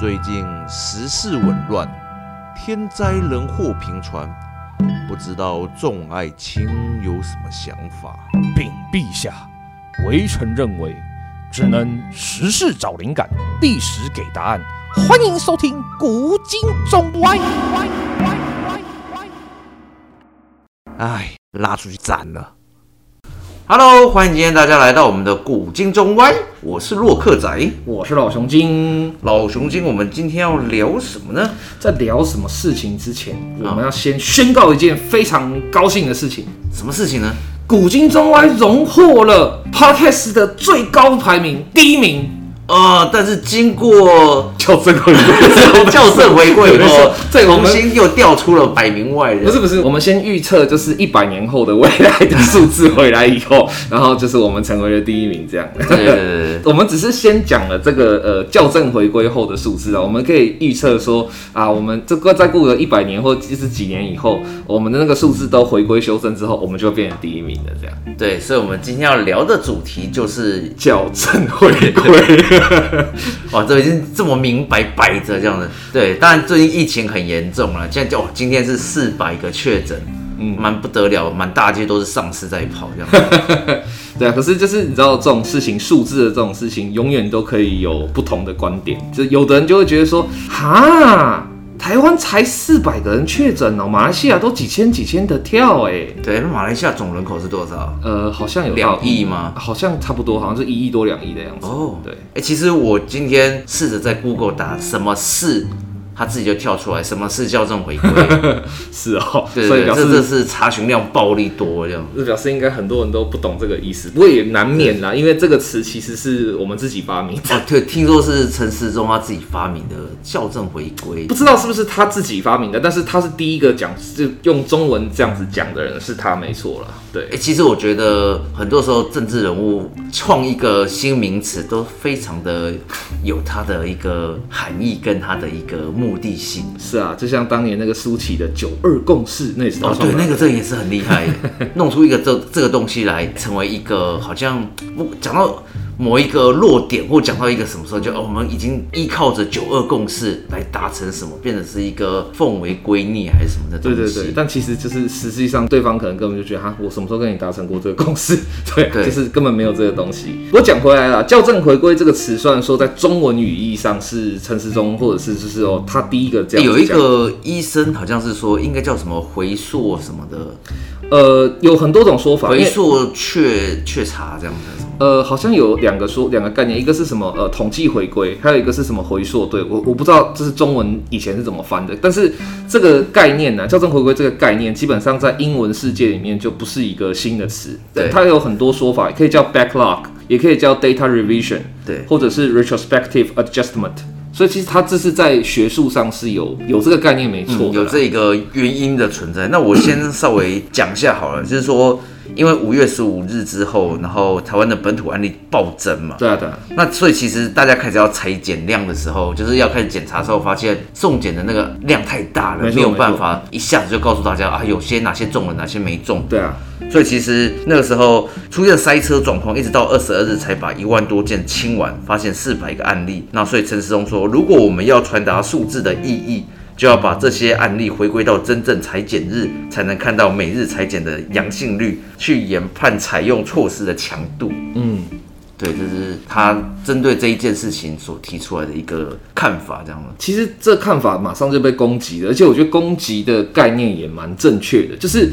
最近時事紊亂，天災人禍頻傳，不知道眾愛卿有什麼想法？稟陛下，微臣認為，只能時事找靈感，歷史給答案。歡迎收聽古今中歪。哎，拉出去斬了！啊！Hello，歡迎今天大家來到我們的古今中歪。我是洛克仔，我是老熊精。老熊精，我們今天要聊什麼呢？在聊什麼事情之前、啊，我們要先宣告一件非常高興的事情。什麼事情呢？古今中歪榮獲了 Podcast 的最高排名第一名。啊、呃！但是經過校正回歸，校正回歸以後，重新又掉出了百名外人。不是不是，我們先預測就是一百年後的未來的數字回來以後， 然後就是我們成為了第一名這樣。對對對,對， 我們只是先講了這個呃校正回歸後的數字啊，我們可以預測說啊，我們這個再過一百年或就是幾年以後，我們的那個數字都回歸修正之後，我們就變成第一名的這樣。對，所以我們今天要聊的主題就是校正回歸。 哇，這已經這麼明擺擺着這樣子，對。當然，最近疫情很嚴重啊，現在就今天是四百個確診，嗯，蠻不得了，滿大街都是喪屍在跑，這樣。 對啊，可是就是你知道這種事情，數字的這種事情，永遠都可以有不同的觀點，就有的人就會覺得說，哈。台灣才四百個人確診哦，馬來西亞都幾千幾千的跳哎、欸。對，那馬來西亞總人口是多少？呃，好像有兩億嗎？好像差不多，好像是一億多兩億的樣子。哦、對、欸，哎，其實我今天試着在 Google 打什麼事。他自己就跳出來，什麼是校正回歸、啊？ 是哦，對,對,對所以表示，這這是查詢量暴力多，這樣這表示應該很多人都不懂這個意思。我也難免啦，因為這個詞其實是我們自己發明的、啊。對，聽說是陳時中他自己發明的校正回歸，不知道是不是他自己發明的，但是他是第一個講，是用中文這樣子講的人，是他沒錯啦。對，哎、欸，其實我覺得很多時候政治人物創一個新名詞，都非常的有他的一個含義跟他的一個目。目的性，是啊，就像當年那個蘇起的九二共識，那也是哦，對，那個這個也是很厲害， 弄出一個這這個東西來，成為一個好像，講到。某一個弱點，或講到一個什麼時候，就哦，我們已經依靠着九二共識來達成什麼，變得是一個奉為圭臬還是什麼的東西？對對對。但其實就是實際上對方可能根本就覺得哈，我什麼時候跟你達成過這個共識？對，對就是根本沒有這個東西。我講回來了，校正回歸這個詞，雖然說在中文語義上是陳時中，或者是就是哦，他第一個這樣講、欸。有一個醫生好像是說應該叫什麼回溯什麼的，呃，有很多種說法，回溯確確查這樣的。呃，好像有兩個說兩個概念，一個是什麼？呃，統計回歸，還有一個是什麼？回溯。對，我，我不知道這是中文以前是怎麼翻的。但是這個概念呢、啊，校正回歸這個概念，基本上在英文世界裡面就不是一個新的詞。對，它有很多說法，可以叫 backlog，也可以叫 data revision，對，或者是 retrospective adjustment。所以其實它這是在學術上是有有這個概念沒錯、嗯，有這個原因的存在。那我先稍微講一下好了， 就是說。因為五月十五日之後，然後台灣的本土案例暴增嘛，對啊對啊，那所以其實大家開始要裁減量的時候，就是要開始檢查的時候發現送檢的那個量太大了，沒，沒，沒有辦法一下子就告訴大家啊，有些哪些中了，哪些沒中。對啊，所以其實那個時候出現塞車狀況，一直到二十二日才把一萬多件清完，發現四百個案例。那所以陳時中說，如果我們要傳達數字的意義。就要把這些案例回歸到真正採檢日，才能看到每日採檢的陽性率，去研判採用措施的強度。嗯，對，這、就是他針對這一件事情所提出來的一個看法，這樣。其實這看法馬上就被攻擊了，而且我覺得攻擊的概念也蠻正確的，就是。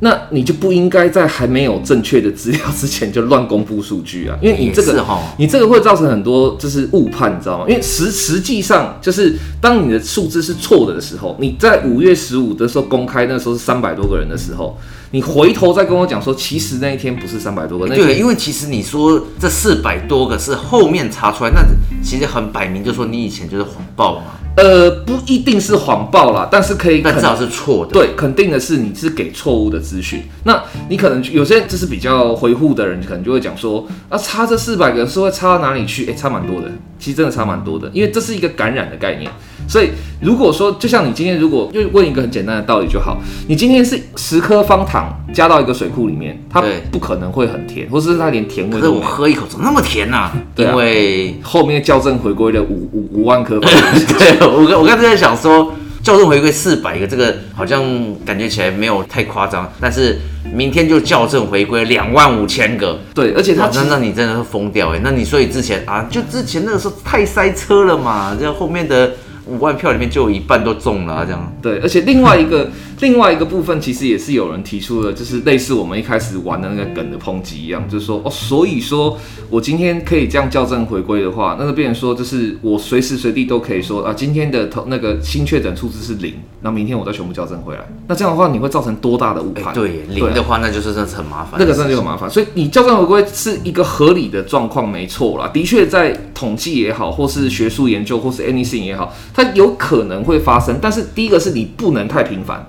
那你就不應該在還沒有正確的資料之前就亂公布數據啊，因為你這個，你這個會造成很多就是誤判，你知道嗎？因為實實際上就是當你的數字是錯的的時候，你在五月十五的時候公開那個時候是三百多個人的時候，你回頭再跟我講說，其實那一天不是三百多個那對，因為其實你說這四百多個是後面查出來，那其實很擺明就說你以前就是謊報嘛。呃，不一定是謊報啦，但是可以可，至少是錯的。對，肯定的是你是給錯誤的資訊。那你可能有些就是比較回護的人，可能就會講說，啊，差這四百個人是會差到哪裡去？誒、欸，差蠻多的，其實真的差蠻多的，因為這是一個感染的概念。所以，如果說就像你今天，如果就問一個很簡單的道理就好。你今天是十顆方糖加到一個水庫裡面，它不可能會很甜，或是它連甜味。可是我喝一口怎麼那麼甜啊？ 對啊，因為後面校正回歸了五五五萬顆吧。 對，我我剛才在想說，校正回歸四百個，這個好像感覺起來沒有太誇張。但是明天就校正回歸兩萬五千個。對，而且它那、啊、那，那你真的會瘋掉哎、欸！那你所以之前啊，就之前那個時候太塞車了嘛，然後後面的。五萬票裡面就有一半都中了啊，這樣。對，而且另外一個 另外一個部分，其實也是有人提出了，就是類似我們一開始玩的那個梗的抨擊一樣，就是說哦，所以說我今天可以這樣校正回歸的話，那就變成說就是我隨時隨地都可以說啊，今天的頭那個新確診數字是零，那明天我再全部校正回來，那這樣的話你會造成多大的誤判、欸？對，零、啊、的話那就是那是很麻煩，那個真的就很麻煩。所以你校正回歸是一個合理的狀況，沒錯啦。的確，在統計也好，或是學術研究，或是 anything 也好。它有可能會發生，但是第一個是你不能太頻繁，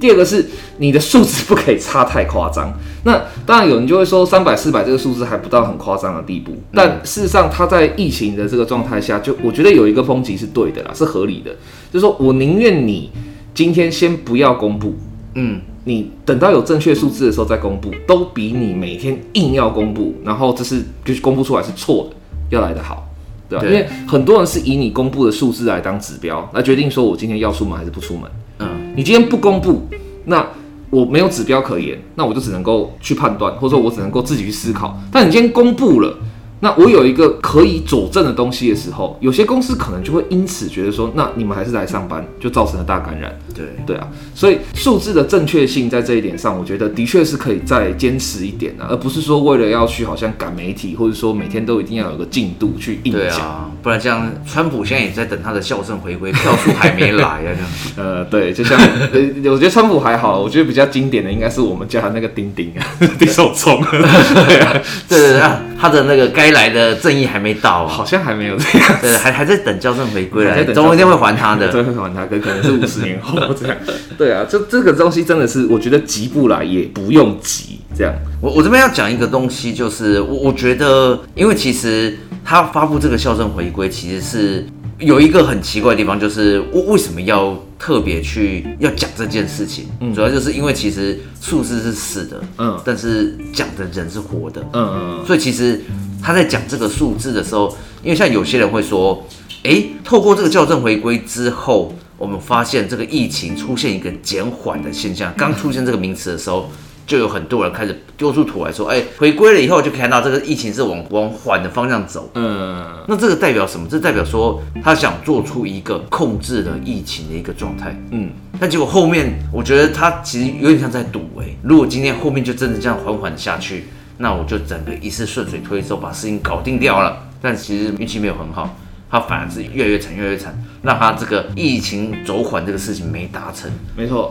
第二個是你的數字不可以差太誇張。那當然有人就會說三百四百這個數字還不到很誇張的地步，但事實上它在疫情的這個狀態下，就我覺得有一個風級是對的啦，是合理的。就是說，我寧願你今天先不要公布，嗯，你等到有正確數字的時候再公布，都比你每天硬要公布，然後這是就是公布出來是錯的，要來得好。對吧？因為很多人是以你公布的數字來當指標，來決定說我今天要出門還是不出門。嗯，你今天不公布，那我沒有指標可言，那我就只能夠去判斷，或者說我只能夠自己去思考。但你今天公布了。那我有一個可以佐證的東西的時候，有些公司可能就會因此覺得說，那你們還是來上班，就造成了大感染。對對啊，所以數字的正確性在這一點上，我覺得的確是可以再堅持一點啊，而不是說為了要去好像趕媒體，或者說每天都一定要有個進度去印證。對啊。不然像川普現在也在等他的校正回歸，票數還沒來啊。這樣呃，對，就像、 呃、我覺得川普還好，我覺得比較經典的應該是我們家那個丁丁啊， 丁守中。對 對啊。對啊對啊他的那個該來的正義還沒到啊，好像還沒有這樣，對，還還在等校正回歸來，總有一天會還他的，對，會還他，可可能是五十年後這樣。 對啊，這這個東西真的是，我覺得急不來，也不用急。這樣，我我這邊要講一個東西，就是我我覺得，因為其實他發布這個校正回歸，其實是。有一個很奇怪的地方，就是我為什麼要特別去要講這件事情？主要就是因為其實數字是死的，嗯，但是講的人是活的，嗯嗯，所以其實他在講這個數字的時候，因為像有些人會說，哎，透過這個校正回歸之後，我們發現這個疫情出現一個減緩的現象。剛出現這個名詞的時候。就有很多人開始丟出圖來說，哎、欸，回歸了以後就可以看到這個疫情是往往緩的方向走嗯嗯嗯，嗯，那這個代表什麼？這個、代表說他想做出一個控制了疫情的一個狀態，嗯，但結果後面我覺得他其實有點像在賭，哎，如果今天後面就真的這樣緩緩下去，那我就整個一次順水推舟把事情搞定掉了。但其實運氣沒有很好，他反而是越來越慘越來越慘，讓他這個疫情走緩這個事情沒達成。沒錯。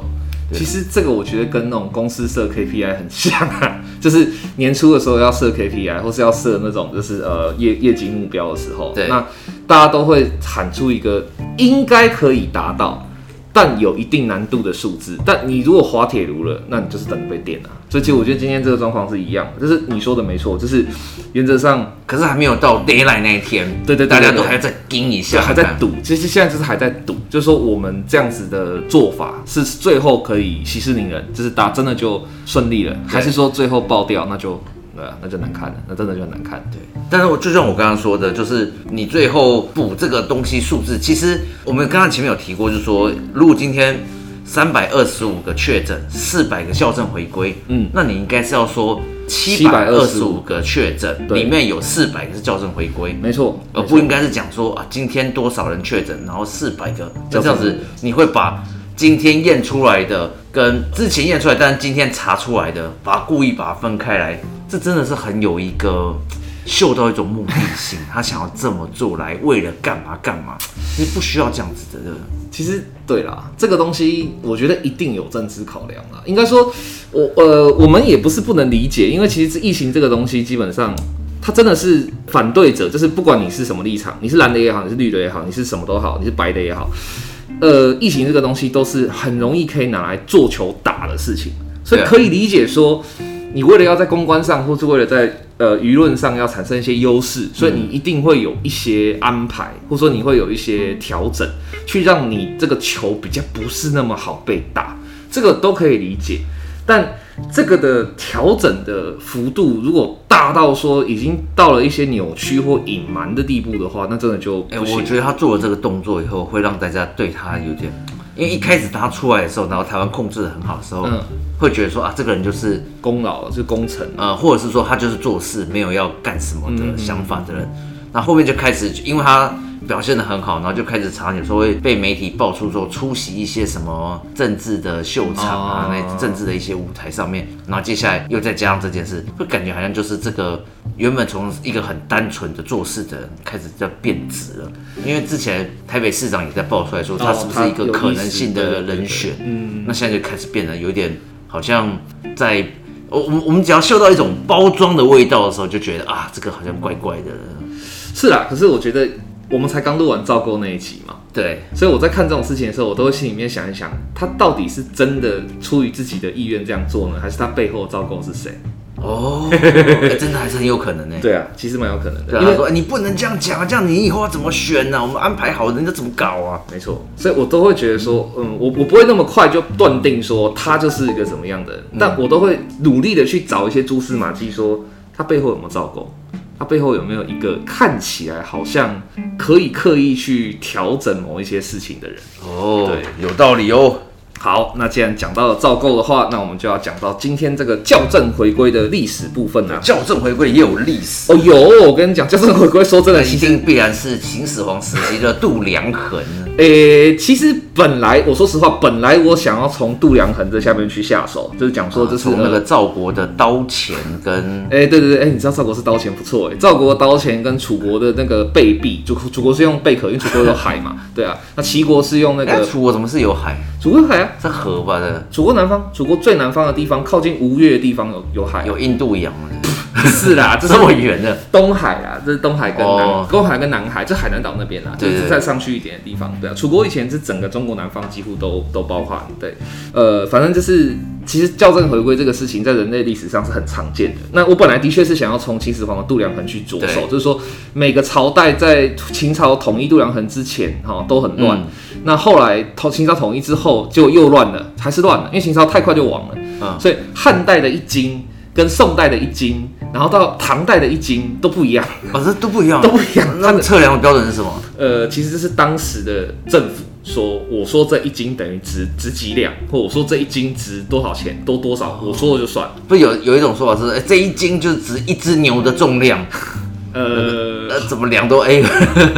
對，其實這個我覺得跟那種公司設 KPI 很像啊，就是年初的時候要設 KPI，或是要設那種就是呃業業績目標的時候，對，那大家都會喊出一個應該可以達到，但有一定難度的數字。但你如果滑鐵盧了，那你就是等於被電了。所以，其實我覺得今天這個狀況是一樣，就是你說的沒錯，就是原則上，可是還沒有到 daylight 那一天，對對，對對，大家都還在盯一下，對對對，還在賭。其實現在就是還在賭，就是說我們這樣子的做法是最後可以息事寧人，就是打真的就順利了，還是說最後爆掉，那就那就難看了，那真的就很難看。對，但是我就像我剛剛說的，就是你最後補這個東西數字，其實我們剛剛前面有提過，就是說如果今天。三百二十五個確診，四百個校正回歸。嗯，那你應該是要說七百二十五個確診，裡面有四百個是校正回歸，沒錯，而不應該是講說啊，今天多少人確診，然後四百個，就這樣子，你會把今天驗出來的跟之前驗出來，但是今天查出來的，把故意把它分開來，這真的是很有一個。嗅到一種目的性，他想要這麼做來 為了幹嘛幹嘛？其實不需要這樣子的，對對其實對啦，這個東西我覺得一定有政治考量啦。應該說，我呃，我們也不是不能理解，因為其實疫情這個東西，基本上它真的是反對者，就是不管你是什麼立場，你是藍的也好，你是綠的也好，你是什麼都好，你是白的也好，呃，疫情這個東西都是很容易可以拿來做球打的事情，所以可以理解說，啊、你為了要在公關上，或是為了在呃，輿論上要產生一些優勢，所以你一定會有一些安排，嗯、或者說你會有一些調整，去讓你這個球比較不是那麼好被打，這個都可以理解。但這個的調整的幅度，如果大到說已經到了一些扭曲或隱瞞的地步的話，那真的就不、欸……我覺得他做了這個動作以後，會讓大家對他有點。因為一開始他出來的時候，然後台灣控制的很好的時候，嗯、會覺得說啊，這個人就是功勞，是功臣，啊、呃、或者是說他就是做事沒有要幹什麼的想法的人。嗯嗯那後，後面就開始，因為他表現得很好，然後就開始查，有時候會被媒體爆出說出席一些什麼政治的秀場啊，oh. 那政治的一些舞台上面，然後接下來又再加上這件事，就感覺好像就是這個原本從一個很單純的做事的人開始在變質了，因為之前台北市長也在爆出來說、oh, 他是不是一個可能性的人選，選，嗯，那現在就開始變得有點好像在我我我們只要嗅到一種包裝的味道的時候，就覺得啊，這個好像怪怪的。Oh. 是啦，可是我覺得我們才剛錄完趙構那一集嘛，對，所以我在看這種事情的時候，我都會心裡面想一想，他到底是真的出於自己的意願這樣做呢，還是他背後的趙構是誰？哦、 欸，真的還是很有可能呢。對啊，其實蠻有可能的，因為說、欸、你不能這樣講啊，這樣你以後要怎麼選呢、啊？我們安排好人家怎麼搞啊？沒錯，所以我都會覺得說，嗯，我我不會那麼快就斷定說他就是一個怎麼樣的人，嗯、但我都會努力的去找一些蛛絲馬跡，說他背後有沒有趙構。他背後有沒有一個看起來好像可以刻意去調整某一些事情的人？哦，對，有道理哦。好，那既然講到了趙構的話，那我們就要講到今天這個校正回歸的歷史部分了。校正回歸也有歷史哦。有，我跟你講，校正回歸說真的，一定必然是秦始皇時期的度量衡。 誒、欸，其實本來我說實話，本來我想要從度量衡這下面去下手，就是講說這是從、啊、那個趙國的刀錢跟誒、欸，對對對，誒、欸，你知道趙國是刀錢不錯誒、欸，趙國的刀錢跟楚國的那個貝幣，楚楚國是用貝殼，因為楚國有海嘛， 對啊，那齊國是用那個、欸、楚國怎麼是有海？楚國有海啊，在河吧？的楚國南方，楚國最南方的地方，靠近吳越的地方有有海、啊，有印度洋。 是啦，這是我圓的東海啦、啊，這、就是東海跟南、哦，東海跟南海，這海南島那邊啦，對對對，就是再上去一點的地方。對啊，楚國以前是整個中國南方幾乎都都包含。對，呃，反正就是其實校正回歸這個事情，在人類歷史上是很常見的。那我本來的確是想要從秦始皇的度量衡去着手，就是說每個朝代在秦朝統一度量衡之前，哈，都很亂、嗯。那後來，秦朝統一之後就又亂了，還是亂了，因為秦朝太快就亡了。嗯，所以、嗯、漢代的一斤跟宋代的一斤。然後到唐代的一斤都不一樣，啊、哦，這都不一樣，都不一樣。啊、那測量的標準是什麼？呃，其實這是當時的政府說，我說這一斤等於值值幾兩，或者我說這一斤值多少錢，多多少，我說了就算。不有有一種說法是、欸，這一斤就值一只牛的重量。呃、呃，怎麼量都 A 了？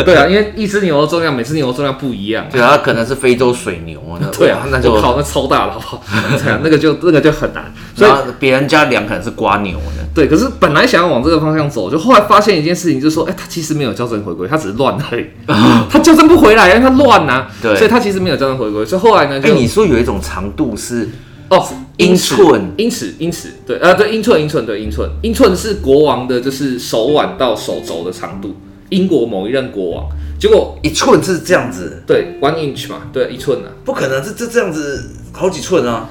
對啊，因為一隻牛的重量，每隻牛的重量不一樣，對啊，可能是非洲水牛啊。對啊，那就考那超大了，那個就那個就很難。所以別人家量可能是蝸牛。對，可是本來想要往這個方向走，就後來發現一件事情，就是說，哎、欸，它其實沒有校正回歸，它只是亂黑，它校正不回來，啊，因為它亂啊。對，所以它其實沒有校正回歸。所以後來呢？哎、欸，你說有一種長度是。of、oh，哦，英寸，英寸，英寸，對啊、呃，對，英寸，英寸，對，英寸，英寸是國王的，就是手腕到手肘的長度。英國某一任國王，結果一寸是這樣子，對，one inch 嘛，對，一寸啊，不可能，這這這樣子好幾寸啊。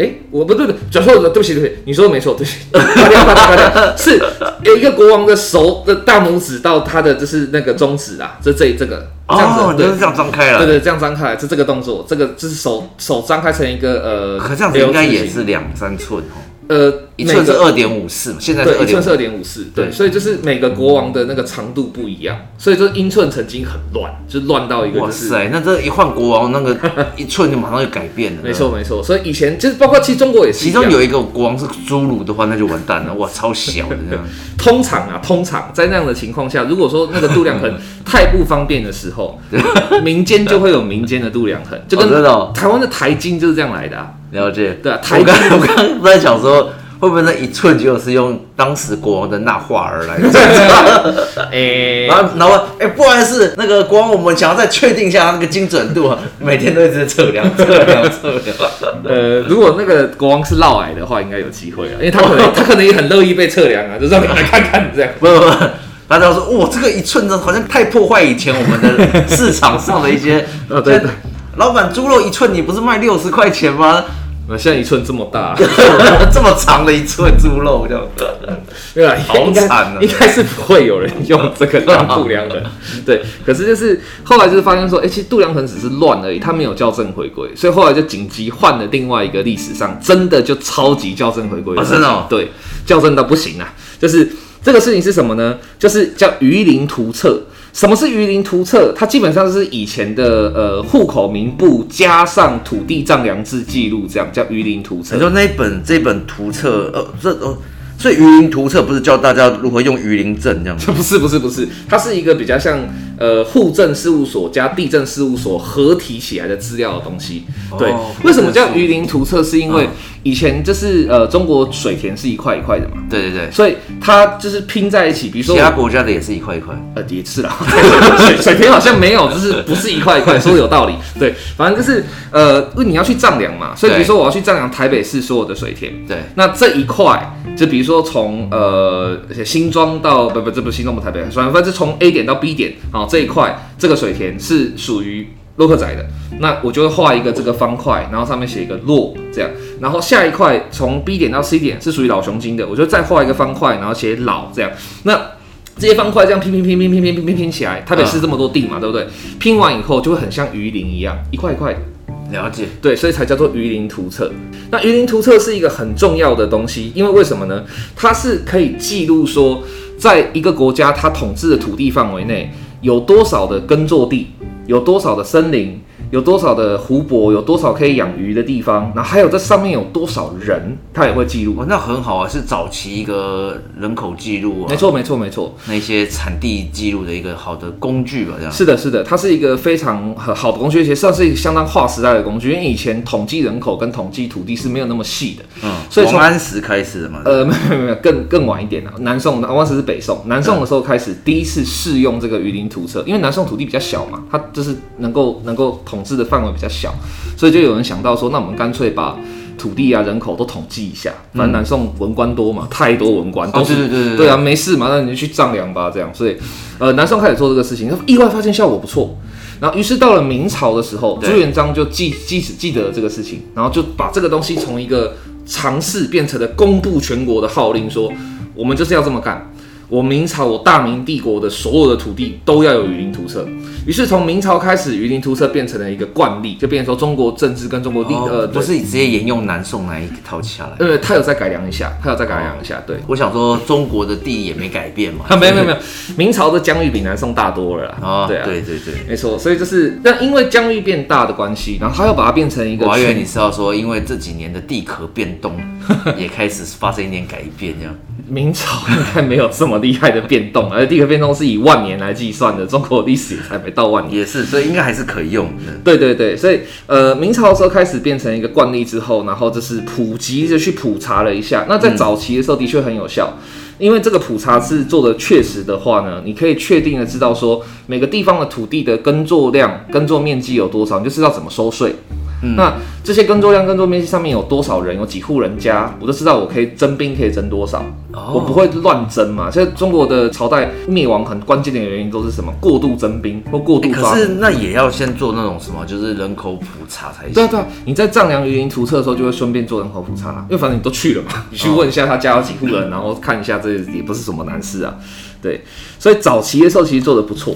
哎、欸，我不對對，轉錯的，對不起對不起，你說的沒錯，對，不起。發掉 是、欸，一個國王的手的、呃、大拇指到他的就是那個中指啊，就這這這個，哦，這樣子對，就是這樣張開了，對對，這樣張開來，就這個動作，這個就是手手張開成一個呃，可這樣子應該也是兩三寸、哦。呃，一寸是二點五四，現在對一寸是二點五四，對，所以就是每個國王的那個長度不一樣，嗯、所以就英寸曾經很亂，就亂到一個、就是。哇塞，那這一換國王，那個一寸就馬上就改變了。 沒錯沒錯，所以以前就是包括其實中國也是。其中有一個國王是侏儒的話，那就完蛋了，哇，超小的這樣。 通常啊，通常在那樣的情況下，如果說那個度量衡太不方便的時候， 民間就會有民間的度量衡，就跟、oh, 台灣的台斤就是這樣來的啊。了解。對啊，太我剛我剛在想說，會不會那一寸就是用當時國王的那話而來的？哎 對、啊 欸，然後然後哎、欸，不然是那個國王，我們想要再確定一下那個精準度，每天都一直在測量測量測量。測量測量 呃，如果那個國王是烙癌的話，應該有機會啊，因為他可能 他可能也很樂意被測量啊，就讓你來看看 你這樣。不不不，不，然後他說，哇，這個一寸呢，好像太破壞以前我們的市場上的一些。對 現在笑、啊、對。老板，豬肉一寸，你不是賣六十塊錢嗎？啊，現在一寸這麼大、啊， 這麼長的一寸豬肉這樣子，好慘啊！應該是不會有人用這個當度量衡，對。可是就是後來就是發現說，哎、欸，其實度量衡只是亂而已，他沒有校正回歸，所以後來就緊急換了另外一個歷史上真的就超級校正回歸、啊、的東、哦、西，對，校正到不行啊！就是這個事情是什麼呢？就是叫魚鱗圖冊。什麼是魚鱗圖冊？它基本上是以前的呃戶口名簿加上土地丈量制記錄，這樣叫魚鱗圖冊。你說那本這本圖冊，呃、哦，這呃、哦所以魚鱗圖冊不是教大家如何用魚鱗陣，這樣子？不是不是不是，它是一個比較像呃戶政事務所，加地政事務所合體起來的資料的東西。對，哦、為什麼叫魚鱗圖冊？是因為以前就是呃中國水田是一塊一塊的嘛。對對對。所以它就是拼在一起。比如說其他國家的也是一塊一塊？呃，第一次啊。水田好像沒有，就是不是一塊一塊，說得 有道理。對，反正就是呃，因為你要去丈量嘛。所以比如說我要去丈量台北市所有的水田。對。那這一塊，就比如。比如說從呃，新莊到不不，這不是新莊，不是台北，反正是從 A 點到 B 點啊，這一塊這個水田是屬於洛克仔的，那我就會畫一個這個方塊，然後上面寫一個洛這樣，然後下一塊從 B 點到 C 點是屬於老熊精的，我就再畫一個方塊，然後寫老這樣，那這些方塊這樣拼拼拼拼拼拼拼拼起來，台北市這麼多地嘛，呃，對不對？拼完以後就會很像魚鱗一樣，一塊一塊的。了解，對，所以才叫做魚鱗圖冊。那魚鱗圖冊是一個很重要的東西，因為為什麼呢？它是可以記錄說，在一個國家它統治的土地範圍內，有多少的耕作地，有多少的森林。有多少的湖泊，有多少可以養魚的地方，然後還有這上面有多少人，他也會記錄。哦，那很好啊，是早期一個人口記錄、啊。沒錯，沒錯，沒錯。那些產地記錄的一個好的工具吧，這樣，是的，是的，它是一個非常很好的工具，而且算是一個相當劃時代的工具，因為以前統計人口跟統計土地是沒有那麼細的。嗯。所以從王安石開始的嗎？呃，沒有，沒有，更更晚一點了、啊。南宋，王安石是北宋，南宋的時候開始第一次試用這個魚鱗圖冊，因為南宋土地比較小嘛，它就是能夠能夠。統治的範圍比較小，所以就有人想到說，那我們乾脆把土地啊、人口都統計一下。那南宋文官多嘛，太多文官，都是、哦、對，對，對，對，對，對啊，沒事嘛，那你就去丈量吧。這樣，所以、呃，南宋開始做這個事情，意外發現效果不錯。然後，於是到了明朝的時候，朱元璋就記記記，記得了這個事情，然後就把這個東西從一個嘗試變成了公布全國的號令說，說我們就是要這麼幹。我明朝，我大明帝國的所有的土地都要有魚鱗圖冊。於是從明朝開始，魚鱗圖冊變成了一個慣例，就變成說中國政治跟中國地、哦、呃、不，就是直接沿用南宋來一套起下來。對，對，他有再改良一下，他有再改良一下。哦、對，我想說中國的地也沒改變嘛，啊啊、沒有沒有沒有，明朝的疆域比南宋大多了啊，對啊，對對對，沒錯，所以就是但因為疆域變大的關係，然後他又把它變成一個。我還以為你知道說，因為這幾年的地殼變動也開始發生一點改變這樣。 明朝還沒有這麼厲害的變動，而且地殼變動是以萬年來計算的，中國歷史才沒。 到萬也是，所以應該還是可以用的。對對對，所以呃，明朝的時候開始變成一個慣例之後，然後就是普及就去普查了一下。那在早期的時候，的確很有效，嗯，因為這個普查是做的確實的話呢，你可以確定的知道說每個地方的土地的耕作量、耕作面積有多少，你就知道怎麼收稅。嗯、那這些耕作量、耕作面積上面有多少人，有幾戶人家，我都知道。我可以徵兵，可以徵多少，哦、我不會亂徵嘛。現在中國的朝代滅亡很關鍵的原因都是什麼？過度徵兵或過度、欸。可是那也要先做那種什麼，就是人口普查才行、嗯。對啊對啊，你在丈量魚鱗圖冊的時候，就會順便做人口普查，因爲反正你都去了嘛，你去問一下他家有幾戶人，哦嗯、然後看一下這也不是什麼難事啊。對，所以早期的時候其實做得不錯。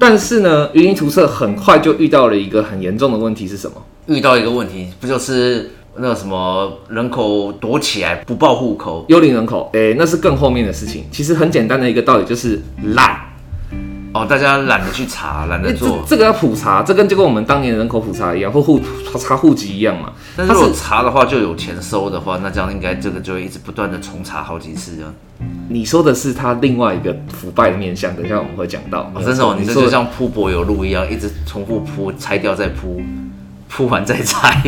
但是呢，原林涂色很快就遇到了一個很嚴重的問題，是什麼？遇到一個問題，不就是那個、什麼人口躲起來不報戶口，幽靈人口？哎、欸，那是更後面的事情。其實很簡單的一個道理，就是懶。哦，大家懶得去查，懶得做，欸、這，這個要普查，這跟就跟我們當年人口普查一樣，或戶查戶籍一樣嘛。但是查的話就有錢收的話，那這樣應該這個就會一直不斷的重查好幾次啊。你說的是他另外一個腐敗的面向，等一下我們會講到。哦、真的，、哦、的，你說像鋪柏油路一樣，一直重複鋪，拆掉再鋪，鋪完再拆。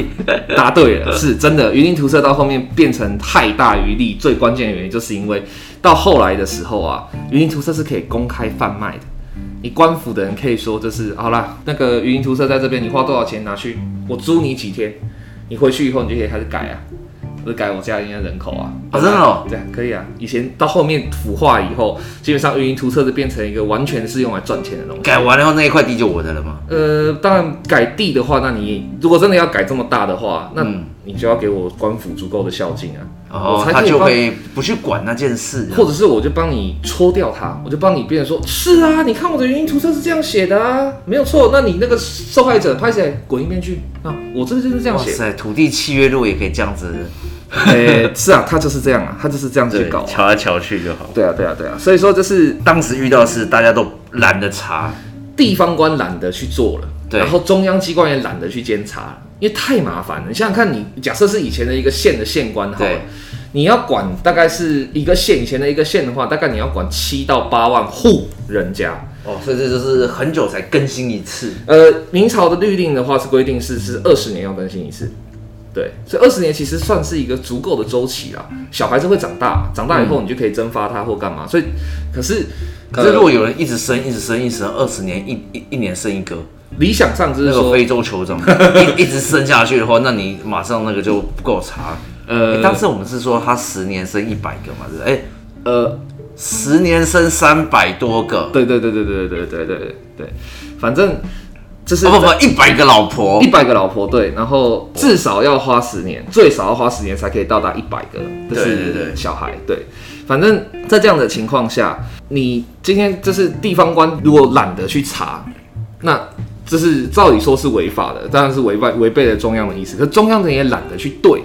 答對了， 是真的。魚鱗圖冊到後面變成害大於利，最關鍵的原因就是因為到後來的時候啊，魚鱗圖冊是可以公開販賣的。你官府的人可以說這，就是好了，那個魚鱗圖冊在這邊，你花多少錢拿去，我租你幾天，你回去以後你就可以開始改啊，不是改我家裡的人口啊。哦，真的哦，對，可以啊。以前到後面腐化以後，基本上魚鱗圖冊就變成一個完全是用來賺錢的東西。改完的話，那一塊地就我的了嗎？呃，當然改地的話，那你如果真的要改這麼大的話，那你就要給我官府足夠的孝敬啊。哦、oh,，他就會不去管那件事，啊，或者是我就幫你戳掉它，我就幫你變成說，是啊，你看我的原因圖冊是這樣寫的啊，沒有錯。那你那個受害者拍起來滾一邊去，那我這個就是這樣寫，oh,。土地契約路也可以這樣子，欸，嘿，是啊，他就是這樣啊，他就是這樣去搞，啊，瞧來瞧去就好。對啊，對啊，對啊，所以說這，就是當時遇到事，大家都懶得查，地方官懶得去做了。然後中央機關也懶得去監察，因為太麻煩了。你想想看你，你假設是以前的一個縣的縣官好了，你要管大概是一個縣以前的一個縣的話，大概你要管七到八萬戶人家。哦，所以這就是很久才更新一次。呃，明朝的律令的話是規定是是二十年要更新一次。對，所以二十年其實算是一個足夠的周期了，嗯。小孩子會長大，長大以後你就可以徵發他或幹嘛。嗯，所以可是可是如果有人一直生，呃，一直生一直生二十年一一一年生一個。理想上就是那個非洲酋長 一一直生下去的話，那你馬上那個就不夠查。呃、欸，當時我們是說他十年生一百個嘛，是不是？哎、欸，呃，十年生三百多個。對對對對對對對對對，對，對，對，反正這、就是不不一百個老婆，一百個老婆對，然後至少要花十年，最少要花十年才可以到達一百個，就是小孩對，對，對，對，對。反正，在這樣的情況下，你今天就是地方官如果懶得去查，那。這是照理說是違法的，當然是違背違背了中央的意思。可是中央的人也懶得去對，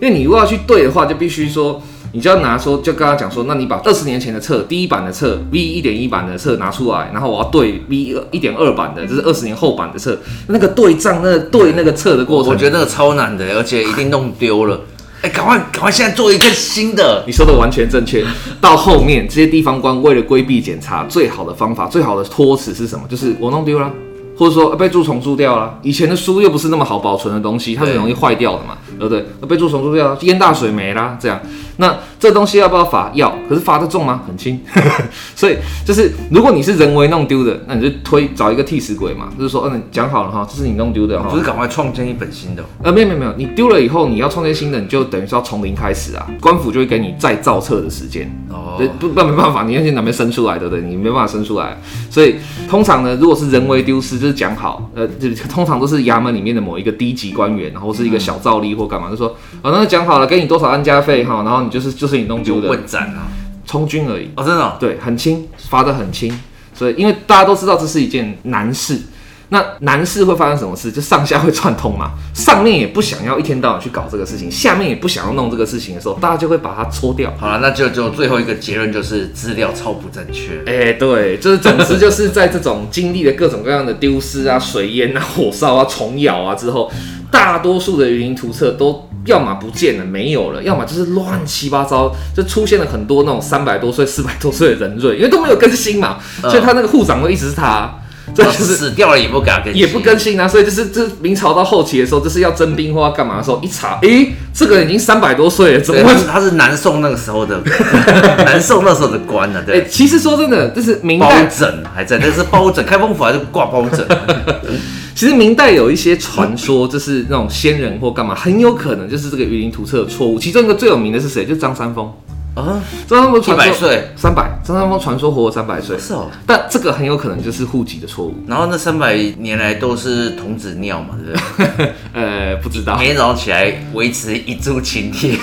因為你如果要去對的話，就必須說，你就要拿出就剛剛講說，那你把二十年前的冊，第一版的冊，V 一點一版的冊拿出來，然後我要對 V 一點二版的，這是二十年後版的冊，那個對賬，那個對那個冊的過程，我覺得那個超難的，而且一定弄丟了。哎、 欸，趕快趕快現在做一個新的。你說的完全正確。到後面這些地方官為了規避檢查，最好的方法，最好的托詞是什麼？就是我弄丟了。或者說被蛀蟲蛀掉了，以前的書又不是那麼好保存的東西，它很容易壞掉的嘛，對不對，對？被蛀蟲蛀掉了，淹大水沒啦，這樣。那這東西要不要罰？要，可是罰的重嗎？很輕。 所以就是如果你是人為弄丟的，那你就推找一個替死鬼嘛，就是說，嗯，講好了哈，這是你弄丟的，不是趕快創建一本新的。呃，沒有沒有沒有，你丟了以後你要創建新的，你就等於是要從零開始啊。官府就會給你再造冊的時間。哦。那沒辦法，你要去哪邊生出來，對不對？你沒辦法生出來。所以通常呢，如果是人為丟失，就是講好，呃，通常都是衙門裡面的某一個低級官員，然後是一個小皂隸或幹嘛、嗯，就說啊、哦，那講好了，給你多少安家費哈，然後你就是就是你弄丟的，問斬啊，充軍而已哦，真的、哦，對，很輕，罰的很輕，所以因為大家都知道這是一件難事。那難事會發生什麼事？就上下會串通嘛，上面也不想要一天到晚去搞這個事情，下面也不想要弄這個事情的時候，大家就會把它抽掉。好了，那就就最後一個結論就是資料超不正確。哎、欸，對，就是總之就是在這種經歷了各種各樣的丟失啊、 水淹啊、火燒啊、蟲咬啊之後，大多數的魚鱗圖冊都要麼不見了、沒有了，要麼就是亂七八糟，就出現了很多那種三百多歲、四百多歲的人瑞，因為都沒有更新嘛，所以他那個戶長會一直是他。嗯就是、啊、死掉了也不敢更新。也不更新啊！所以就是這、就是、明朝到後期的時候，就是要徵兵或幹嘛的時候，一查，誒、欸，這個人已經三百多歲了，怎麼會？就是、他是南宋那個時候的， 南宋那時候的官呢、啊？對、欸。其實說真的，就是明代包拯還在，但是包拯 開封府還是掛包拯。 其實明代有一些傳說，就是那種仙人或幹嘛，很有可能就是這個魚鱗圖冊的錯誤。其中一個最有名的是誰？就張三豐。啊，張三豐一百歲，三百，張三百，張三豐傳說活了三百歲，是哦，啊。但這個很有可能就是戶籍的錯誤。然後那三百年來都是童子尿嘛，對不對 呃，不知道。每天早上起來維持一柱擎天，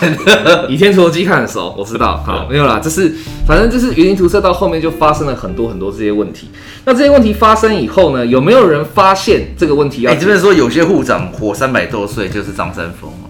倚 天屠龍記看的時候，我知道。好， 沒有啦。這是，反正就是魚鱗圖冊到後面就發生了很多很多這些問題。那這些問題發生以後呢，有沒有人發現這個問題要、欸？你這邊說有些戶長活三百多歲就是張三豐。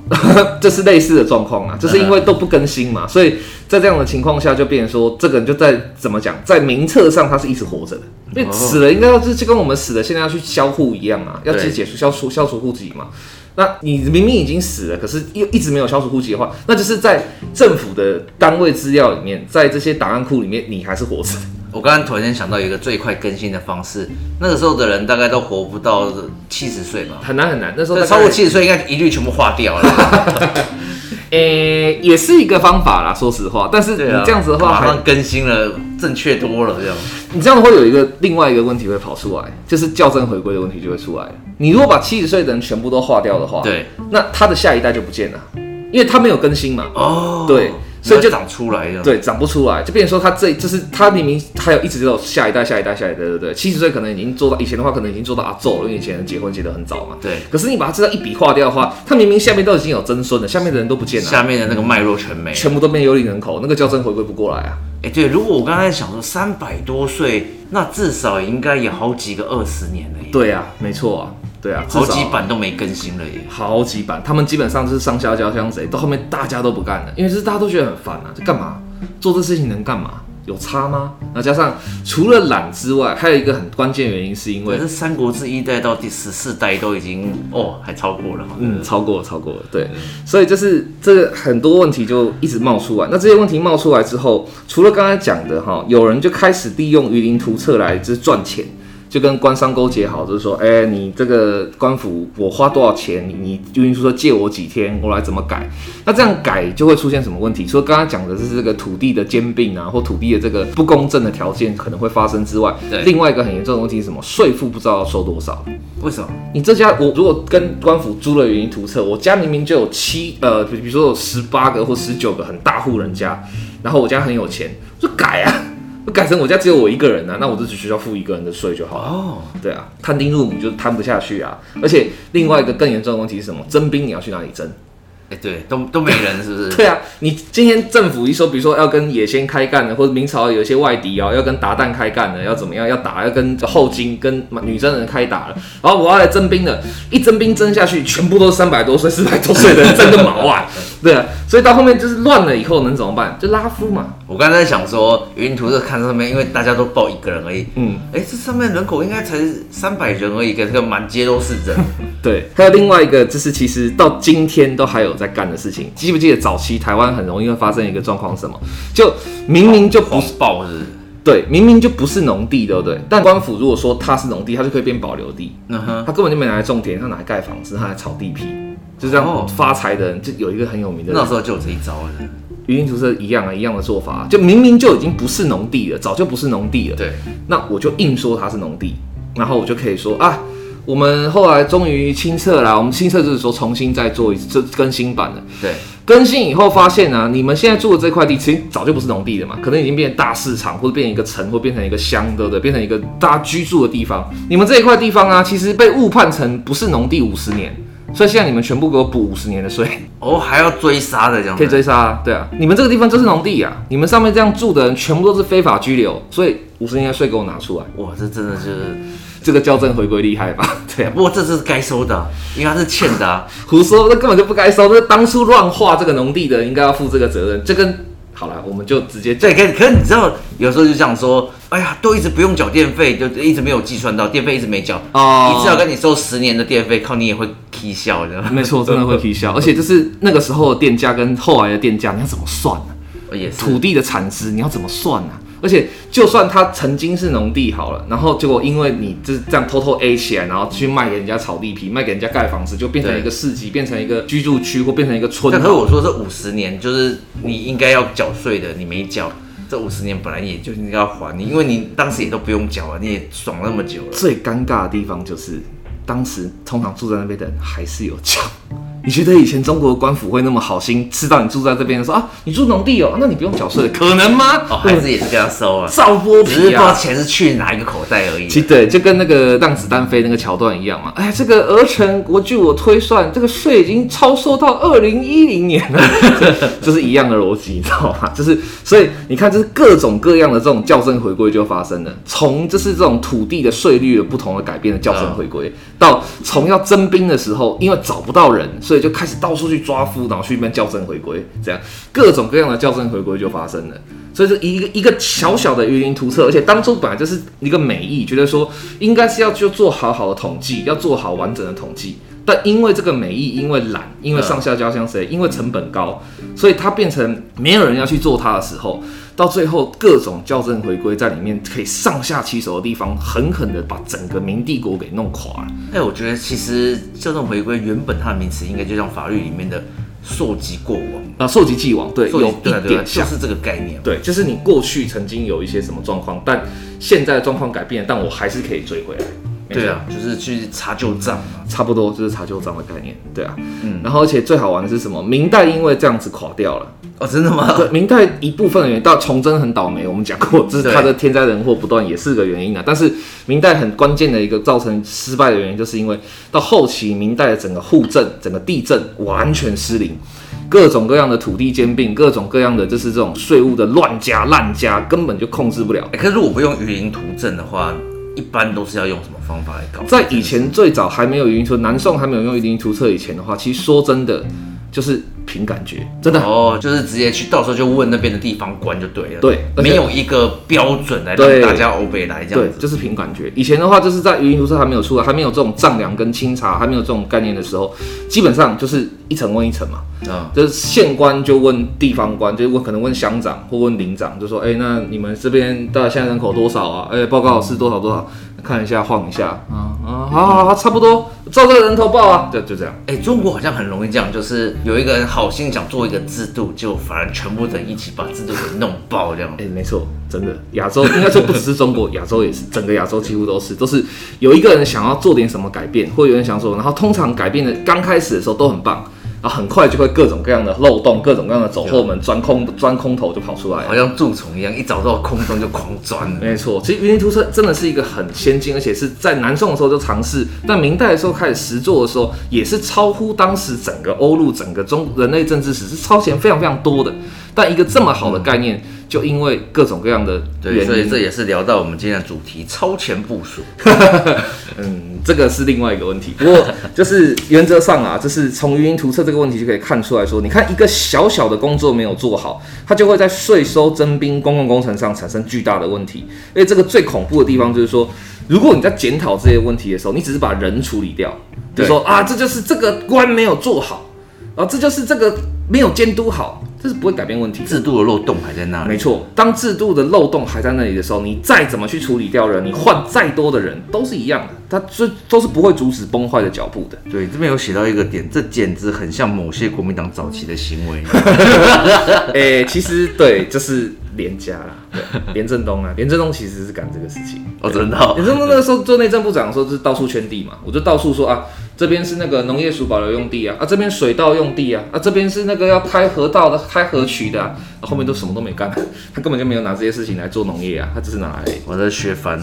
這 是類似的狀況啊，就是因為都不更新嘛，所以在這樣的情況下，就變成說這個人就在怎麼講，在名冊上他是一直活着的。因為死了應該要就跟我們死了現在要去銷戶一樣啊，要去解除、消除、消除戶籍嘛。那你明明已經死了，可是又一直沒有消除戶籍的話，那就是在政府的單位資料裡面，在這些檔案庫裡面，你還是活著的。我剛剛突然間想到一個最快更新的方式，那個時候的人大概都活不到七十歲嘛，很難很難。那時候超過七十歲應該一律全部化掉了。誒、 呃，也是一個方法啦，說實話。但是你這樣子的話，好像更新了，正確多了這樣。你這樣會有一個另外一個問題會跑出來，就是校正回歸的問題就會出來。你如果把七十歲的人全部都化掉的話，對、嗯，那他的下一代就不見了，因為他沒有更新嘛。哦，對。所以就,就長出來了，對，長不出來，就變成說他這就是他明明他有一直都有下一代、下一代、下一代，對對對，七十歲可能已經做到，以前的話可能已經做到阿祖了，因為以前結婚結得很早嘛。對，可是你把它這樣一筆劃掉的話，他明明下面都已經有曾孫了，下面的人都不見了，下面的那個脈絡全沒，全部都變幽靈人口，那個校正回歸不過來啊。哎、欸，對，如果我剛才想說三百多歲，那至少應該有好幾個二十年了。對啊，沒錯啊。對啊好，好幾版都沒更新了耶，好幾版，他們基本上就是上下交相賊，到後面大家都不幹了，因為就是大家都覺得很煩啊，這幹嘛做這事情能幹嘛？有差嗎？那加上除了懶之外，還有一個很關鍵原因是因為這三國志一代到第十四代都已經哦，還超過了，嗯，超過了，超過了，對，對所以就是這個、很多問題就一直冒出來，那這些問題冒出來之後，除了剛才講的哈，有人就開始利用魚鱗圖冊來就是賺錢。就跟官商勾結好，就是說，哎、欸，你這個官府，我花多少錢，你魚鱗圖冊借我幾天，我來怎麼改？那這樣改就會出現什麼問題？除了剛剛講的是這個土地的兼併啊，或土地的這個不公正的條件可能會發生之外，另外一個很嚴重的問題是什麼？稅負不知道要收多少？為什麼？你這家我如果跟官府租了魚鱗圖冊，我家明明就有七呃，比如說有十八個或十九個很大戶人家，然後我家很有錢，我就改啊。改成我家只有我一個人呢，啊，那我就只需要付一個人的稅就好了。哦，對啊，攤丁入畝就攤不下去啊。而且另外一個更嚴重的問題是什麼？徵兵你要去哪裡徵？哎，對，都都沒人，是不是？ 對啊，你今天政府一說，比如說要跟也先開幹了，或者明朝有一些外敵哦，要跟韃靼開幹了，要怎麼樣？要打要跟後金跟女真人開打了，然後我要來徵兵了，一徵兵徵下去，全部都是三百多歲、四百多歲的人，徵個毛啊！ 對啊，所以到後面就是亂了以後能怎麼辦？就拉夫嘛。我剛才在想說，雲圖是看上面，因為大家都報一個人而已。嗯，哎，這上面人口應該才三百人而已，這個滿街都是人。 對，還有另外一個，就是其實到今天都還有在幹的事情。記不記得早期台灣很容易會發生一個狀況，什麼？就明明就不是暴日，對，明明就不是農地，對不對？但官府如果說他是農地，他就可以變保留地。嗯哼，他根本就沒拿來種田，他拿來蓋房子，他來炒地皮，就這樣。哦，發財的人、哦、就有一個很有名的人，那時候就有這一招了。魚鱗圖冊是一樣啊，一樣的做法、啊，就明明就已經不是農地了，早就不是農地了。對，那我就硬說它是農地，然後我就可以說啊，我們後來終於清冊啦、啊，我們清冊就是說重新再做一次，更新版的。對，更新以後發現呢、啊，你們現在住的這塊地其實早就不是農地了嘛，可能已經變成大市場，或者變成一個城，或變成一個鄉，對不對？變成一個大家居住的地方。你們這一塊地方啊，其實被誤判成不是農地五十年。所以現在你們全部給我補五十年的稅哦，還要追殺的這樣，可以追殺，對啊，你們這個地方就是農地啊，你們上面這樣住的人全部都是非法居留，所以五十年的稅給我拿出來，哇，這真的就是、嗯、這個校正回歸厲害吧？對啊，不過這是該收的、啊，應該是欠的啊， 胡說，這根本就不該收，這、就是、當初亂畫這個農地的人應該要負這個責任，這跟。好了，我們就直接對，可可是你知道，有時候就這樣說，哎呀，都一直不用繳電費，就一直沒有計算到電費，一直沒繳。哦，一次要跟你收十年的電費，靠你也會踢銷的。你知道嗎？沒錯，真的會踢銷，而且就是那個時候的電價跟後來的電價，你要怎麼算呢、啊？也是。土地的產值，你要怎麼算呢、啊？而且，就算他曾經是農地好了，然後結果因為你這這樣偷偷 A 起來，然後去賣給人家炒地皮，嗯，賣給人家蓋房子，就變成一個市集，變成一個居住區，或變成一個村。但和我說，這五十年就是你應該要繳稅的，你沒繳，這五十年本來也就應該要還你，因為你當時也都不用繳了，你也爽那麼久了。最尷尬的地方就是，當時通常住在那邊的人還是有繳。你覺得以前中國的官府會那麼好心，知道你住在這邊說啊，你住農地哦，那你不用繳稅，可能嗎？哦、孩子也是給他收了，照剝皮啊，多少錢是去哪一個口袋而已。對，就跟那個讓子彈飛那個橋段一樣嘛。哎這個鵝城，我據我推算，這個稅已經超收到二零一零年了， 就是一樣的邏輯，你知道嗎？就是所以你看，這是各種各樣的這種校正回歸就發生了，從就是這種土地的稅率有不同的改變的校正回歸，嗯、到從要徵兵的時候，因為找不到人，所以就開始到處去抓夫，然後去那邊校正回歸，這樣各種各樣的校正回歸就發生了。所以就，一個一個小小的魚鱗圖冊，而且當初本來就是一個美意，覺得說應該是要就做好好的統計，要做好完整的統計。但因為這個美意，因為懶，因為上下交相隨，因為成本高，所以它變成沒有人要去做它的時候。到最後，各種校正回歸在裡面可以上下其手的地方，狠狠的把整個明帝國給弄垮了。哎，我覺得其實校正回歸，原本它的名詞應該就像法律裡面的“溯及過往”啊，“溯及既往”，對，溯及，有一點像對，就是這個概念。對，就是你過去曾經有一些什麼狀況，但現在的狀況改變了，但我還是可以追回來。對啊，就是去查舊賬嘛、嗯，差不多就是查舊賬的概念。對啊，嗯，然後而且最好玩的是什麼？明代因為這樣子垮掉了哦，真的嗎？明代一部分的原因到崇禎很倒霉，我們講過，就是他的天災人禍不斷也是個原因啊。但是明代很關鍵的一個造成失敗的原因，就是因為到後期明代的整個戶政、整個地政完全失靈，各種各樣的土地兼併，各種各樣的就是這種稅務的亂加濫加，根本就控制不了。欸、可是如果不用魚鱗圖冊的話。一般都是要用什麼方法來搞？在以前最早還沒有魚鱗圖，南宋還沒有用魚鱗圖冊。以前的話，其實說真的。嗯就是憑感覺，真的哦，oh, 就是直接去，到時候就問那邊的地方官就對了。對，okay. 沒有一個標準來對。大家歐北來這樣子，對對，就是憑感覺。以前的話，就是在魚鱗圖冊還沒有出來，還沒有這種丈量跟清查，還沒有這種概念的時候，基本上就是一層問一層嘛。啊、oh.，就是縣官就問地方官，就問可能問鄉長或問領長，就說，哎、欸，那你們這邊大概現在人口多少啊？哎、欸，報告是多少多少。看一下，晃一下，啊啊，好，好，好，差不多，照這個人頭爆啊。對，就這樣。哎、欸，中國好像很容易這樣，就是有一個人好心想做一個制度，就反而全部人一起把制度給弄爆，這樣。哎、欸，沒錯，真的，亞洲應該說不只是中國，亞 洲也是，整個亞洲幾乎都是，都、就是有一個人想要做點什麼改變，或者有人想說，然後通常改變的剛開始的時候都很棒。啊，很快就會各種各樣的漏洞，各種各樣的走後門、鑽空、鑽空，空頭就跑出來，好像蛀蟲一樣，一找到空中就狂鑽。沒錯，其實魚鱗圖冊真的是一個很先進，而且是在南宋的時候就嘗試，但明代的時候開始實作的時候，也是超乎當時整個歐陸、整個中人類政治史是超前非常非常多的。但一個這麼好的概念，就因為各種各樣的原因。對，所以這也是聊到我們今天的主題：超前部署。 嗯，這個是另外一個問題。不過，就是原則上啊，就是從魚鱗圖冊這個問題就可以看出來說，你看一個小小的工作沒有做好，它就會在稅收徵兵、公共工程上產生巨大的問題。因為這個最恐怖的地方就是說，如果你在檢討這些問題的時候，你只是把人處理掉，就說啊，這就是這個官沒有做好。哦，這就是這個沒有監督好，這是不會改變問題，制度的漏洞還在那裡。沒錯，當制度的漏洞還在那裡的時候，你再怎麼去處理掉人，你換再多的人都是一樣的，它這都是不會阻止崩壞的腳步的。對，這邊有寫到一個點，這簡直很像某些國民黨早期的行為。哎、 欸，其實對，就是連家啦，連震東啊，連震東其實是幹這個事情。哦，真的。連震東那個時候做內政部長的時候，就是到處圈地嘛，我就到處說啊。這邊是那個農業署保留用地啊，啊這邊水稻用地啊，啊這邊是那個要開河道的，開河渠的啊，啊後面都什麼都沒幹，他根本就沒有拿這些事情來做農業啊，他只是拿來我在削藩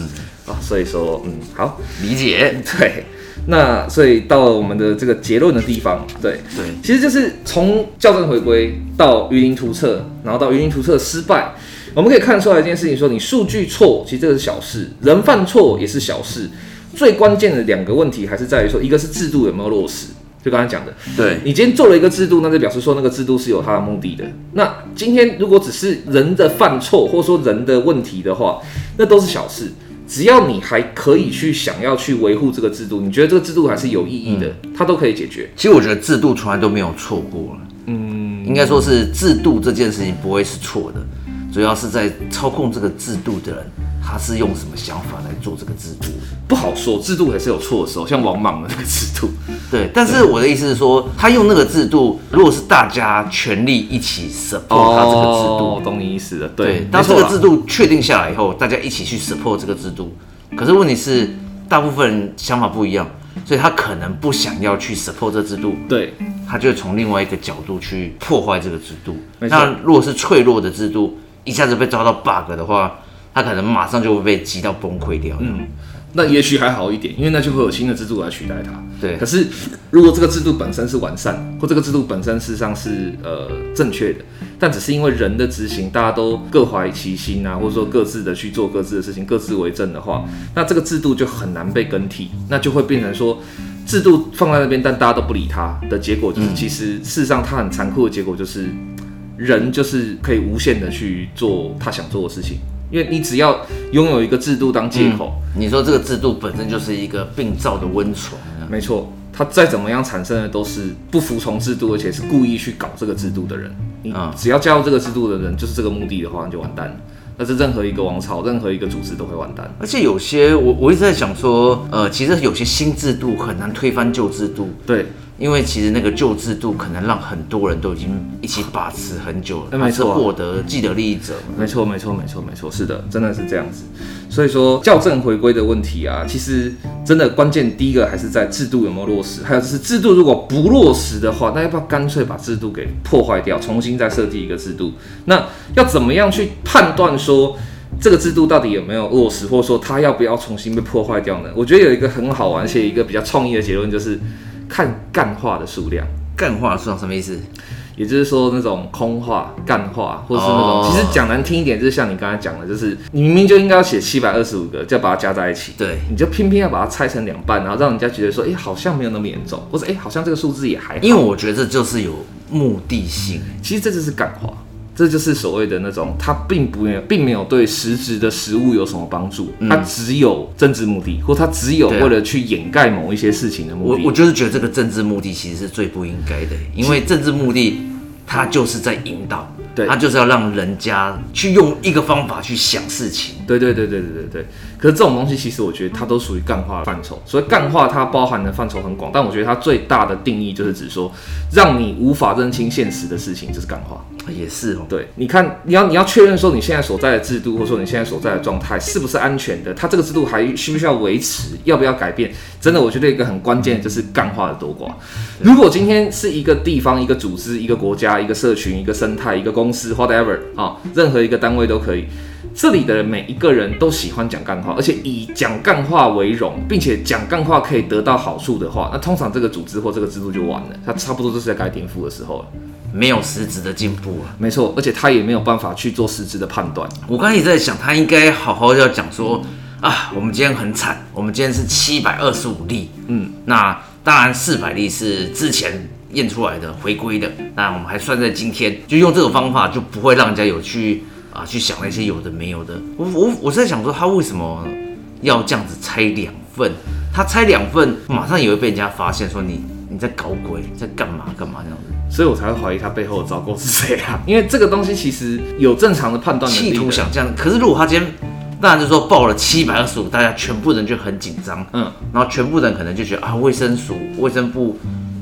啊，所以說，嗯，好理解，對，那所以到了我們的這個結論的地方，對對，其實就是從校正回歸到魚鱗圖冊，然後到魚鱗圖冊失敗，我們可以看出來一件事情，說你數據錯，其實這個是小事，人犯錯也是小事。最關鍵的兩個問題還是在於說，一個是制度有沒有落實。就剛才講的，對你今天做了一個制度，那就表示說那個制度是有它的目的的。那今天如果只是人的犯錯，或者說人的問題的話，那都是小事。只要你還可以去想要去維護這個制度，你覺得這個制度還是有意義的，嗯、它都可以解決。其實我覺得制度從來都沒有錯過。嗯，應該說是制度這件事情不會是錯的，主要是在操控這個制度的人。他是用什麼想法來做這個制度？不好說，制度還是有錯的時候，像王莽的那個制度，對。但是我的意思是說，他用那個制度，如果是大家全力一起 support、哦、他這個制度，我懂你意思了，對。當這個制度確定下來以後，大家一起去 support 這個制度。可是問題是，大部分人想法不一樣，所以他可能不想要去 support 這個制度，對。他就從另外一個角度去破壞這個制度。那如果是脆弱的制度，一下子被抓到 bug 的話。他可能馬上就會被擊到崩潰掉。嗯，那也許還好一點，因為那就會有新的制度來取代他。對。可是如果這個制度本身是完善，或這個制度本身事實上是呃正確的，但只是因為人的執行，大家都各懷其心啊，或者說各自的去做各自的事情，各自為政的話，那這個制度就很難被更替。那就會變成說，制度放在那邊，但大家都不理他的結果就是，嗯、其實事實上他很殘酷的結果就是，人就是可以無限的去做他想做的事情。因為你只要擁有一個制度當借口、嗯，你說這個制度本身就是一個病灶的溫床、嗯。沒錯，它再怎麼樣產生的都是不服從制度，而且是故意去搞這個制度的人。只要加入這個制度的人，就是這個目的的話，你就完蛋了。但是任何一個王朝、任何一個組織都會完蛋。而且有些我我一直在想說，呃，其實有些新制度很難推翻舊制度。對。因為其實那個舊制度可能讓很多人都已經一起把持很久了，啊、沒錯、啊，獲得既得利益者。沒錯，沒錯，沒錯，沒錯，是的，真的是這樣子。所以說校正回歸的問題啊，其實真的關鍵第一個還是在制度有沒有落實，還有就是制度如果不落實的話，那要不要乾脆把制度給破壞掉，重新再設計一個制度？那要怎麼樣去判斷說這個制度到底有沒有落實，或者說它要不要重新被破壞掉呢？我覺得有一個很好玩而且一個比較創意的結論就是。看幹話的數量，幹話的數量什麼意思？也就是說，那種空話、幹話，或是那種、oh. 其實講難聽一點，就是像你剛才講的，就是你明明就應該要寫七百二十五個，再把它加在一起，對，你就偏偏要把它拆成兩半，然後讓人家覺得說，哎、欸，好像沒有那麼嚴重，或者哎、欸，好像這個數字也還好，因為我覺得這就是有目的性，其實這就是幹話。這就是所謂的那種，他並不沒有，並沒有對實質的食物有什麼幫助，他、嗯、只有政治目的，或他只有為了去掩蓋某一些事情的目的我。我就是覺得這個政治目的其實是最不應該的，因為政治目的它就是在引導，對，它就是要讓人家去用一個方法去想事情。對對對對對對對，對。可是這種東西其實我覺得它都屬於幹話範疇，所以幹話它包含的範疇很廣，但我覺得它最大的定義就是指說讓你無法認清現實的事情就是幹話。也是哦，對你看，你要你要確認說你現在所在的制度或者說你現在所在的狀態是不是安全的，它這個制度還需不需要維持，要不要改變？真的，我覺得一個很關鍵的就是幹話的多寡。如果今天是一個地方、一個組織、一個國家、一個社群、一個生態、一個公司，whatever，哦，任何一個單位都可以。這裡的每一個人都喜歡講幹話，而且以講幹話為榮，並且講幹話可以得到好處的話，那通常這個組織或這個制度就完了。他差不多就是在該顛覆的時候了，沒有實質的進步。沒錯，而且他也沒有辦法去做實質的判斷。我剛才也在想，他應該好好要講說啊，我們今天很慘，我們今天是七百二十五例，嗯，那當然四百例是之前驗出來的回歸的，那我們還算在今天，就用這種方法就不會讓人家有去。啊，去想那些有的沒有的，我我我是在想說他為什麼要這樣子拆兩份？他拆兩份，馬上也會被人家發現，說你你在搞鬼，在幹嘛幹嘛這樣子，所以我才會懷疑他背後的招構是誰啊？ 因為這個東西其實有正常的判斷企圖想這樣，可是如果他今天，當然就是說報了七百二十五，大家全部人就很緊張，嗯，然後全部人可能就覺得啊，衛生署、衛生部。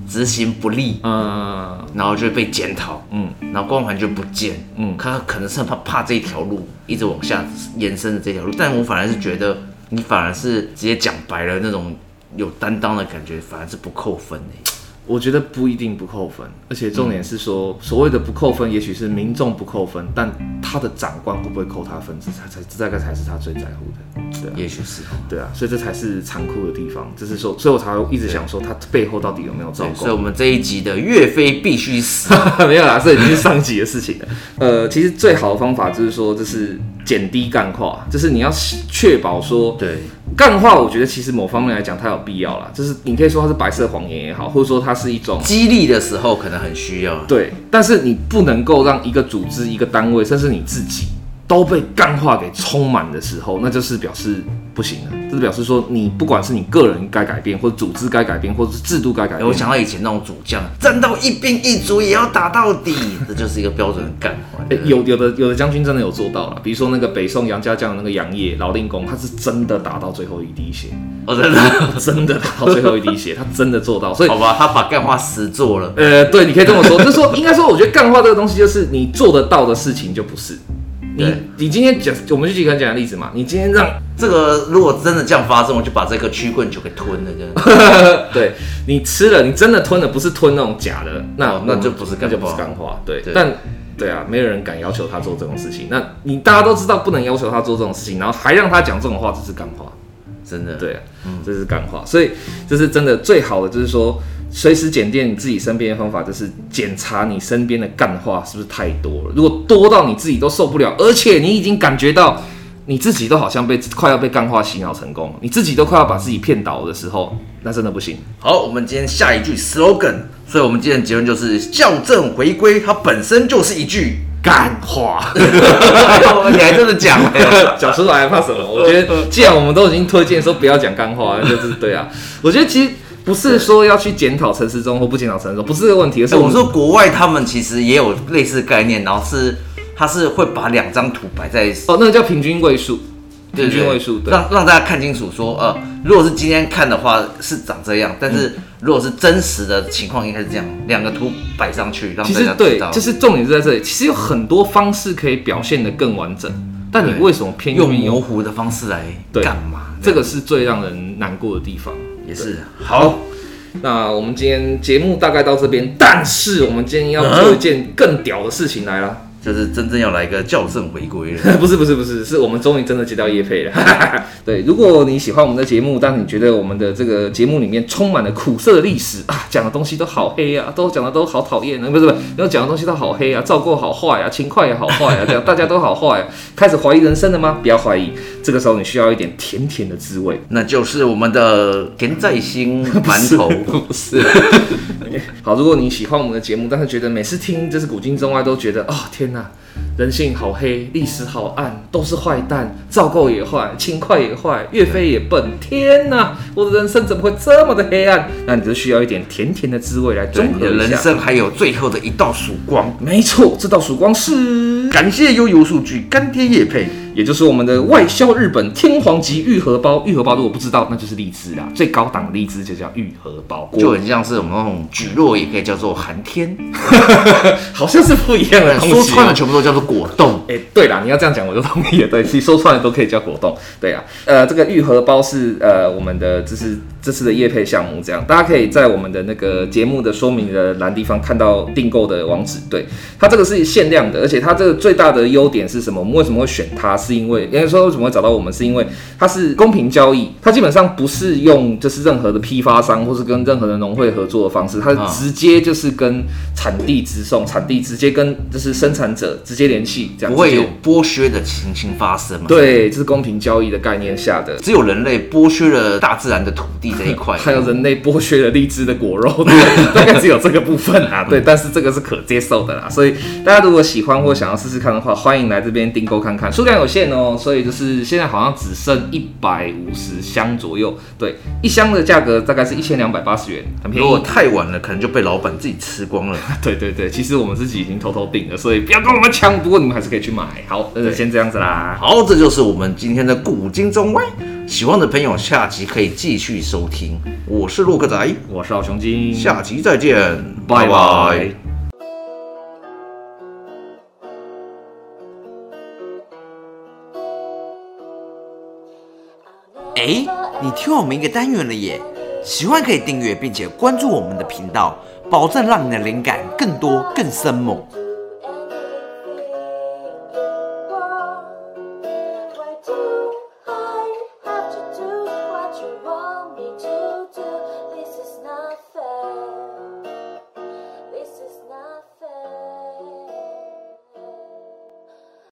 執行不力，嗯，然後就被檢討，嗯，然後光環就不見，嗯，他可能是怕怕這一條路一直往下延伸的這條路，但我反而是覺得你反而是直接講白了那種有擔當的感覺，反而是不扣分。我覺得不一定不扣分，而且重點是說，嗯、所謂的不扣分，也許是民眾不扣分，但。他的長官會不會扣他分子？他才大概，這個，才是他最在乎的，對、啊，也許、就是。對啊，所以這才是殘酷的地方，就是說，所以我才會一直想說，他背後到底有沒有照顧？所以，我們這一集的岳飛必須死， 沒有啦，這已經是上集的事情了。 呃，其實最好的方法就是說，就是減低干跨，就是你要確保說，對。幹話，我覺得其實某方面來講它有必要啦，就是你可以說它是白色謊言也好，或者說它是一種激勵的時候可能很需要。對，但是你不能夠讓一個組織、一個單位，甚至你自己。都被幹話給充滿的時候，那就是表示不行了。這、就是表示說，你不管是你個人該改變，或者組織該改變，或者是制度該改變、欸。我想到以前那種主將，戰到一兵一卒也要打到底， 這就是一個標準的幹話、欸。有有的有的將軍真的有做到了，比如說那個北宋楊家將那個楊業老令公，他是真的打到最後一滴血，我、哦、真的他真的打到最後一滴血， 他真的做到，所以好吧，他把幹話實做了。呃，對，你可以這麼說， 就是說應該說，該說我覺得幹話這個東西，就是你做得到的事情，就不是。你你今天講、嗯，我們就舉個很簡單的例子嘛。你今天讓這個，如果真的這樣發生，我就把這個曲棍球給吞了。 對，你吃了，你真的吞了，不是吞那種假的，那、哦、那就不是、嗯、那就不是幹話、幹話。對，對但對啊，沒有人敢要求他做這種事情。那你大家都知道不能要求他做這種事情，然後還讓他講這種話，只是幹話。真的，對啊，嗯，這是幹話，所以這是真的最好的，就是說隨時檢驗你自己身邊的方法，就是檢查你身邊的幹話是不是太多了。如果多到你自己都受不了，而且你已經感覺到你自己都好像被快要被幹話洗腦成功了，你自己都快要把自己騙倒的時候，那真的不行。好，我們今天下一句 slogan，所以我們今天的結論就是校正回歸，它本身就是一句。幹話、 哎，你還真的講？講出來還怕什麼？我覺得既然我們都已經推薦說不要講幹話，就是對啊。我覺得其實不是說要去檢討陳時中，或不檢討陳時中，不是個問題。而、就、且、是、我們、欸，我說國外他們其實也有類似的概念，然後是他是會把兩張圖擺在一起哦，那個叫平均位數，平均位數，對，讓讓大家看清楚說，呃，如果是今天看的話是長這樣，但是。嗯如果是真實的情況，應該是這樣，兩個圖擺上去，讓大家知道。其實對，就是重點是在這裡。其實有很多方式可以表現得更完整，但你為什麼偏右右用模糊的方式來幹嘛對，這？這個是最讓人難過的地方，也是。好，那我們今天節目大概到這邊，但是我們今天要做一件更屌的事情來啦這、就是真正要來一個校正回歸了，， 不是不是不是，是我們終於真的接到業配了。 對，如果你喜歡我們的節目，但你覺得我們的這個節目裡面充滿了苦澀的歷史啊，講的東西都好黑啊，都講的都好討厭啊，不是不是，然後講的東西都好黑啊，趙構好壞啊，秦檜也好壞啊，這樣大家都好壞，啊。開始懷疑人生了嗎？不要懷疑，這個時候你需要一點甜甜的滋味，那就是我們的甜在心饅頭。是，是 好，如果你喜歡我們的節目，但是覺得每次聽這是古今中歪都覺得哦天。那人性好黑，歷史好暗，都是壞蛋。趙構也壞，秦檜也壞，岳飛也笨。天哪，我的人生怎麼會這麼的黑暗？那你就需要一點甜甜的滋味來綜合一下，這個，人生還有最後的一道曙光。沒錯，這道曙光是感謝悠遊數據乾爹業配。也就是我們的外銷日本天皇級玉荷包。玉荷包如果不知道，那就是荔枝啦，最高檔的荔枝就叫玉荷包，就很像是我們那種蒟蒻，或也可以叫做寒天， 好像是不一樣的、啊欸、說穿了全部都叫做果凍。哎、欸，對了，你要這樣講我就同意了。對，其實說穿了都可以叫果凍。對啊，呃，這個玉荷包是呃我們的這是，這是這次的業配項目，這樣大家可以在我們的那個節目的說明的欄地方看到訂購的網址。對，它這個是限量的，而且它這個最大的優點是什麼？我們為什麼會選它？是因為，因為說為什麼會找到我們，是因為它是公平交易，它基本上不是用就是任何的批發商，或是跟任何的農會合作的方式，它是直接就是跟產地直送，產地直接跟就是生產者直接聯繫，這樣不會有剝削的情形發生嘛。對，這、就是公平交易的概念下的，只有人類剝削了大自然的土地這一塊，還有人類剝削了荔枝的果肉，對 大概只有這個部分啊。對，但是這個是可接受的啦，所以大家如果喜歡或想要試試看的話、嗯，歡迎來這邊訂購看看，數量有現哦，所以就是現在好像只剩一百五十箱左右，對，一箱的價格大概是一千兩百八十元，很便宜。如果太晚了，可能就被老板自己吃光了。 對對對，其實我們自己已經偷偷訂了，所以不要跟我們搶。不過你們還是可以去買。好，那就先這樣子啦。好，這就是我們今天的古今中歪。喜歡的朋友，下集可以繼續收聽。我是洛克仔，我是老雄金，下集再見，拜拜。Bye bye 哎，你聽我們一個單元了耶，喜歡可以訂閱並且關注我們的頻道，保證讓你的靈感更多更深猛。